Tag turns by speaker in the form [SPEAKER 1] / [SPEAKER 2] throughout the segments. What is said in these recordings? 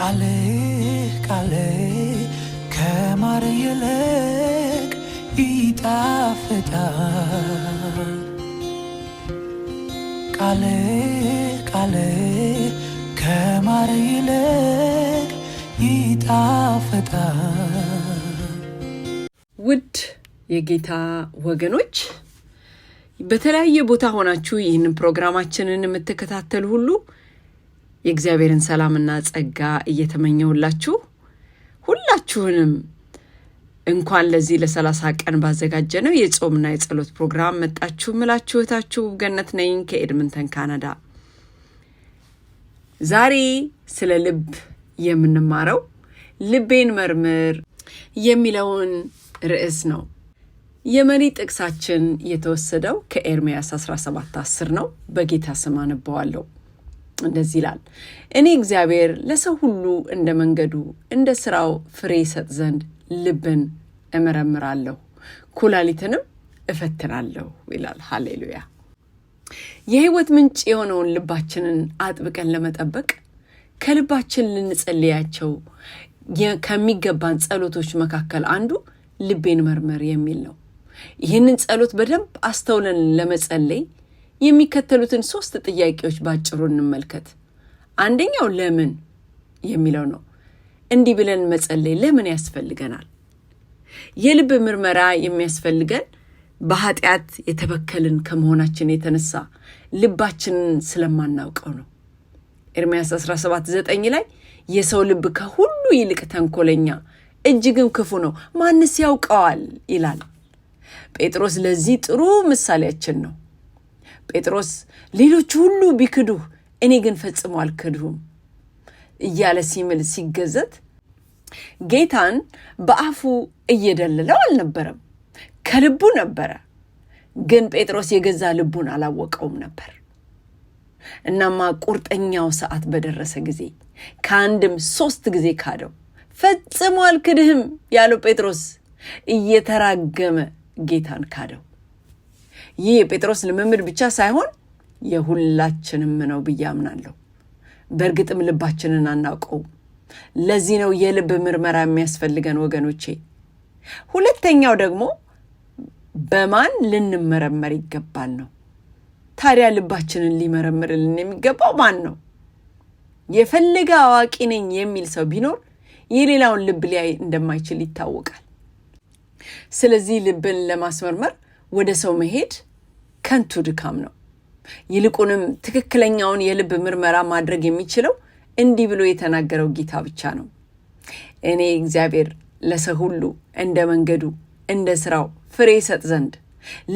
[SPEAKER 1] ቃሌ ቃሌ ከማር ይልቅ ይጣፍጣል። ቃሌ ቃሌ ከማር ይልቅ ይጣፍጣል። ውድ የጌታ ወገኖች በተለያየ ቦታ ሆናችሁ ይህንን ፕሮግራማችንን የምትከታተሉ ሁሉ የእግዚአብሔርን ሰላምና ጸጋ እየተመኘውላችሁ ሁላችሁንም እንኳን ለዚህ ለሰላሳ ቀን ባዘጋጀ ነው የጾምና የጸሎት ፕሮግራም መጣችሁ ምላችሁ እህታችሁ ገነት ነኝ ከኤድምንተን ካናዳ። ዛሬ ስለ ልብ የምንማረው ልቤን መርምር የሚለውን ርዕስ ነው። የመሪ ጥቅሳችን የተወሰደው ከኤርምያስ 17 10 ነው። በጌታ ስም አነበዋለሁ። እንደዚህ ይላል፣ እኔ እግዚአብሔር ለሰው ሁሉ እንደ መንገዱ እንደ ስራው ፍሬ ይሰጥ ዘንድ ልብን እመረምራለሁ ኩላሊትንም እፈትናለሁ ይላል። ሃሌሉያ! የህይወት ምንጭ የሆነውን ልባችንን አጥብቀን ለመጠበቅ ከልባችን ልንጸልያቸው ከሚገባን ጸሎቶች መካከል አንዱ ልቤን መርመር የሚል ነው። ይህንን ጸሎት በደንብ አስተውለን ለመጸለይ የሚከተሉትን ሶስት ጥያቄዎች ባጭሩ እንመልከት። አንደኛው ለምን የሚለው ነው። እንዲህ ብለን መጸለይ ለምን ያስፈልገናል? የልብ ምርመራ የሚያስፈልገን በኃጢአት የተበከልን ከመሆናችን የተነሳ ልባችንን ስለማናውቀው ነው። ኤርምያስ 17፥9 ላይ የሰው ልብ ከሁሉ ይልቅ ተንኮለኛ እጅግም ክፉ ነው፣ ማንስ ያውቀዋል ይላል። ጴጥሮስ ለዚህ ጥሩ ምሳሌያችን ነው። ጴጥሮስ ሌሎች ሁሉ ቢክዱህ እኔ ግን ፈጽሞ አልክድሁም እያለ ሲምል ሲገዘት ጌታን በአፉ እየደለለው አልነበረም፣ ከልቡ ነበረ። ግን ጴጥሮስ የገዛ ልቡን አላወቀውም ነበር። እናማ ቁርጠኛው ሰዓት በደረሰ ጊዜ ከአንድም ሶስት ጊዜ ካደው። ፈጽሞ አልክድህም ያለው ጴጥሮስ እየተራገመ ጌታን ካደው። ይህ የጴጥሮስ ልምምድ ብቻ ሳይሆን የሁላችንም ነው ብዬ አምናለሁ። በእርግጥም ልባችንን አናውቀውም። ለዚህ ነው የልብ ምርመራ የሚያስፈልገን ወገኖቼ። ሁለተኛው ደግሞ በማን ልንመረመር ይገባል ነው። ታዲያ ልባችንን ሊመረምርልን የሚገባው ማን ነው? የፈለገ አዋቂ ነኝ የሚል ሰው ቢኖር የሌላውን ልብ ሊያይ እንደማይችል ይታወቃል። ስለዚህ ልብን ለማስመርመር ወደ ሰው መሄድ ከንቱ ድካም ነው። ይልቁንም ትክክለኛውን የልብ ምርመራ ማድረግ የሚችለው እንዲህ ብሎ የተናገረው ጌታ ብቻ ነው። እኔ እግዚአብሔር ለሰው ሁሉ እንደ መንገዱ እንደ ስራው ፍሬ ይሰጥ ዘንድ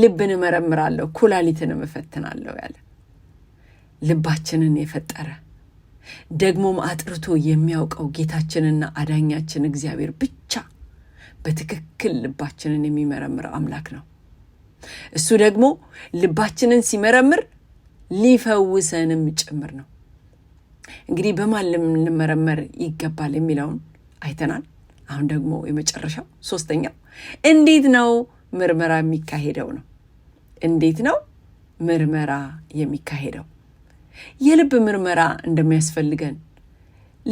[SPEAKER 1] ልብን እመረምራለሁ፣ ኩላሊትንም እፈትናለሁ ያለ ልባችንን የፈጠረ ደግሞም አጥርቶ የሚያውቀው ጌታችንና አዳኛችን እግዚአብሔር ብቻ በትክክል ልባችንን የሚመረምር አምላክ ነው። እሱ ደግሞ ልባችንን ሲመረምር ሊፈውሰንም ጭምር ነው። እንግዲህ በማን ልንመረመር ይገባል የሚለውን አይተናል። አሁን ደግሞ የመጨረሻው ሶስተኛው እንዴት ነው ምርመራ የሚካሄደው ነው። እንዴት ነው ምርመራ የሚካሄደው? የልብ ምርመራ እንደሚያስፈልገን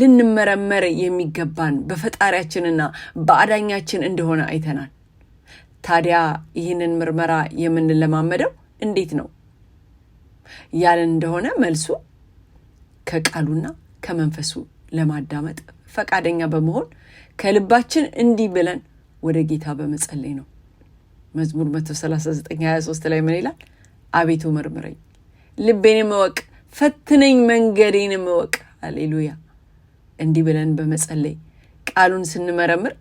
[SPEAKER 1] ልንመረመር የሚገባን በፈጣሪያችንና በአዳኛችን እንደሆነ አይተናል። ታዲያ ይህንን ምርመራ የምንለማመደው እንዴት ነው ያለን እንደሆነ መልሱ ከቃሉና ከመንፈሱ ለማዳመጥ ፈቃደኛ በመሆን ከልባችን እንዲህ ብለን ወደ ጌታ በመጸለይ ነው። መዝሙር 139፥23 ላይ ምን ይላል? አቤቱ መርምረኝ፣ ልቤንም እወቅ፣ ፈትነኝ፣ መንገዴንም እወቅ። አሌሉያ! እንዲህ ብለን በመጸለይ ቃሉን ስንመረምር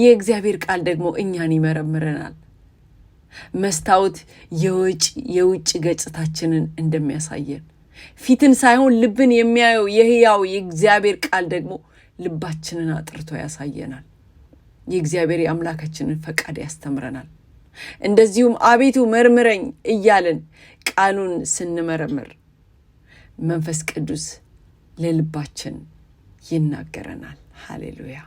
[SPEAKER 1] የእግዚአብሔር ቃል ደግሞ እኛን ይመረምረናል። መስታወት የውጭ የውጭ ገጽታችንን እንደሚያሳየን ፊትን ሳይሆን ልብን የሚያየው የህያው የእግዚአብሔር ቃል ደግሞ ልባችንን አጥርቶ ያሳየናል። የእግዚአብሔር የአምላካችንን ፈቃድ ያስተምረናል። እንደዚሁም አቤቱ መርምረኝ እያለን ቃሉን ስንመረምር መንፈስ ቅዱስ ለልባችን ይናገረናል። ሃሌሉያ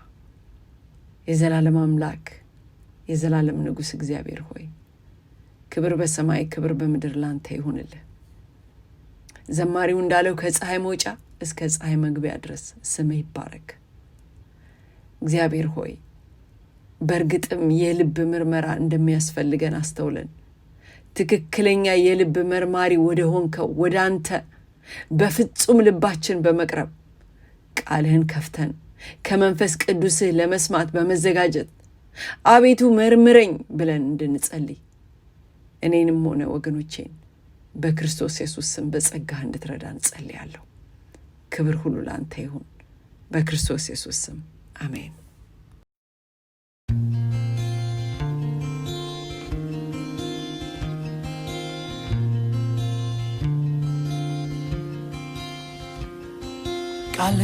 [SPEAKER 1] የዘላለም አምላክ የዘላለም ንጉሥ እግዚአብሔር ሆይ ክብር በሰማይ ክብር በምድር ላንተ ይሁንልህ። ዘማሪው እንዳለው ከፀሐይ መውጫ እስከ ፀሐይ መግቢያ ድረስ ስምህ ይባረክ። እግዚአብሔር ሆይ በእርግጥም የልብ ምርመራ እንደሚያስፈልገን አስተውለን ትክክለኛ የልብ መርማሪ ወደ ሆንከው ወደ አንተ በፍጹም ልባችን በመቅረብ ቃልህን ከፍተን ከመንፈስ ቅዱስህ ለመስማት በመዘጋጀት አቤቱ መርምረኝ ብለን እንድንጸልይ እኔንም ሆነ ወገኖቼን በክርስቶስ ኢየሱስ ስም በጸጋህ እንድትረዳ እንጸልያለሁ። ክብር ሁሉ ለአንተ ይሁን። በክርስቶስ ኢየሱስ ስም አሜን። ቃሌ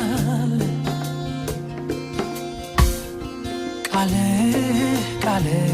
[SPEAKER 1] colors.